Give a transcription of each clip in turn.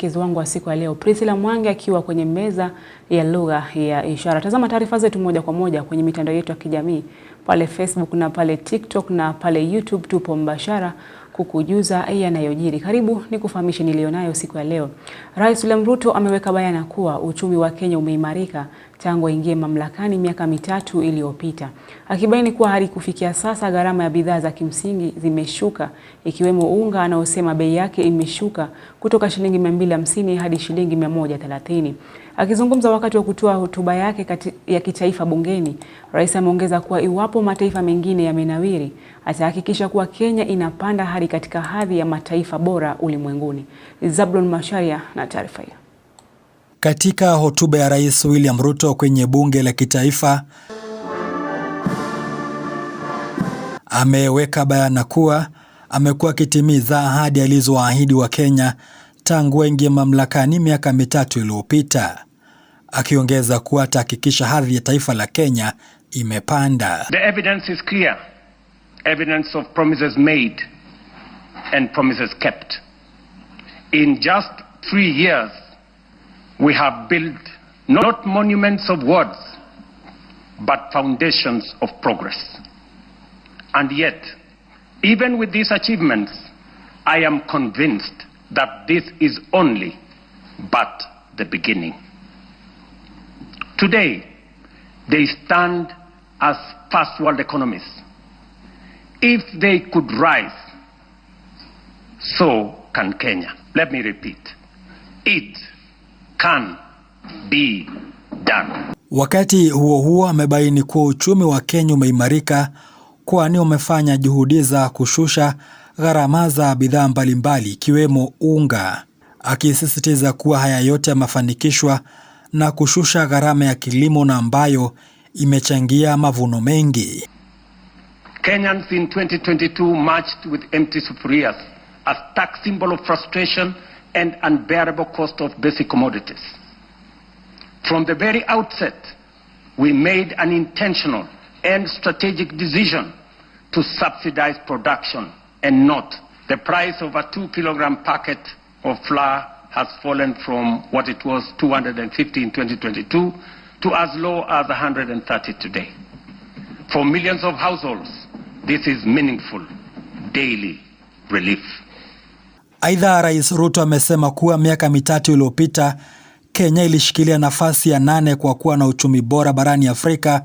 Kezi wangu wa siku ya leo Priscilla Mwangi akiwa kwenye meza ya lugha ya ishara. Tazama taarifa zetu moja kwa moja kwenye mitandao yetu ya kijamii pale Facebook na pale TikTok na pale YouTube, tupo mbashara kukujuza yanayojiri. Karibu ni kufahamishe niliyonayo siku ya leo. Rais William Ruto ameweka bayana kuwa uchumi wa Kenya umeimarika tangu aingie mamlakani miaka mitatu iliyopita, akibaini kuwa hadi kufikia sasa gharama ya bidhaa za kimsingi zimeshuka ikiwemo unga anaosema bei yake imeshuka kutoka shilingi 250 hadi shilingi 130. Akizungumza wakati wa kutoa hotuba yake kati ya kitaifa bungeni, rais ameongeza kuwa iwapo mataifa mengine yamenawiri, atahakikisha kuwa Kenya inapanda hadi katika hadhi ya mataifa bora ulimwenguni. Zablon Macharia na taarifa hiyo. Katika hotuba ya Rais William Ruto kwenye bunge la kitaifa, ameweka bayana kuwa amekuwa akitimiza ahadi alizowaahidi Wakenya tangu wengi mamlakani miaka mitatu iliyopita, akiongeza kuwa atahakikisha hadhi ya taifa la Kenya imepanda. The evidence is clear. Evidence of promises made and promises kept. In just three years We have built not monuments of words, but foundations of progress. And yet, even with these achievements, I am convinced that this is only but the beginning. Today, they stand as first world economies. If they could rise, so can Kenya. Let me repeat. It can be done. Wakati huo huo, amebaini kuwa uchumi wa Kenya umeimarika kwani umefanya juhudi za kushusha gharama za bidhaa mbalimbali ikiwemo unga, akisisitiza kuwa haya yote yamefanikishwa na kushusha gharama ya kilimo na ambayo imechangia mavuno mengi. Kenyans in 2022 marched with empty sufurias as tax symbol of frustration and unbearable cost of basic commodities. From the very outset, we made an intentional and strategic decision to subsidize production and not. The price of a two kilogram packet of flour has fallen from what it was 250 in 2022 to as low as 130 today. For millions of households, this is meaningful daily relief. Aidha, Rais Ruto amesema kuwa miaka mitatu iliyopita Kenya ilishikilia nafasi ya nane kwa kuwa na uchumi bora barani Afrika,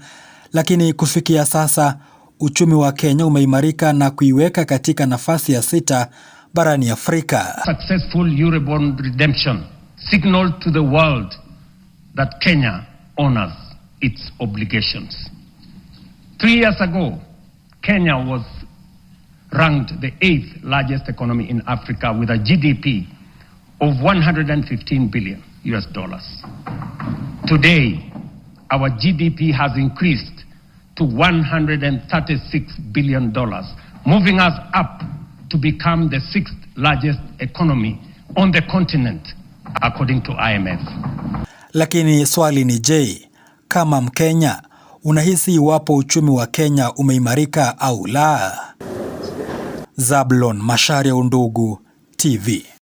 lakini kufikia sasa uchumi wa Kenya umeimarika na kuiweka katika nafasi ya sita barani Afrika. Successful Eurobond redemption signaled to the world that Kenya honors its obligations. Three years ago, Kenya was ranked the eighth largest economy in Africa with a GDP of 115 billion US dollars. Today, our GDP has increased to 136 billion dollars, moving us up to become the sixth largest economy on the continent according to IMF. Lakini swali ni je, kama Mkenya unahisi iwapo uchumi wa Kenya umeimarika au la? Zablon Macharia Undugu TV.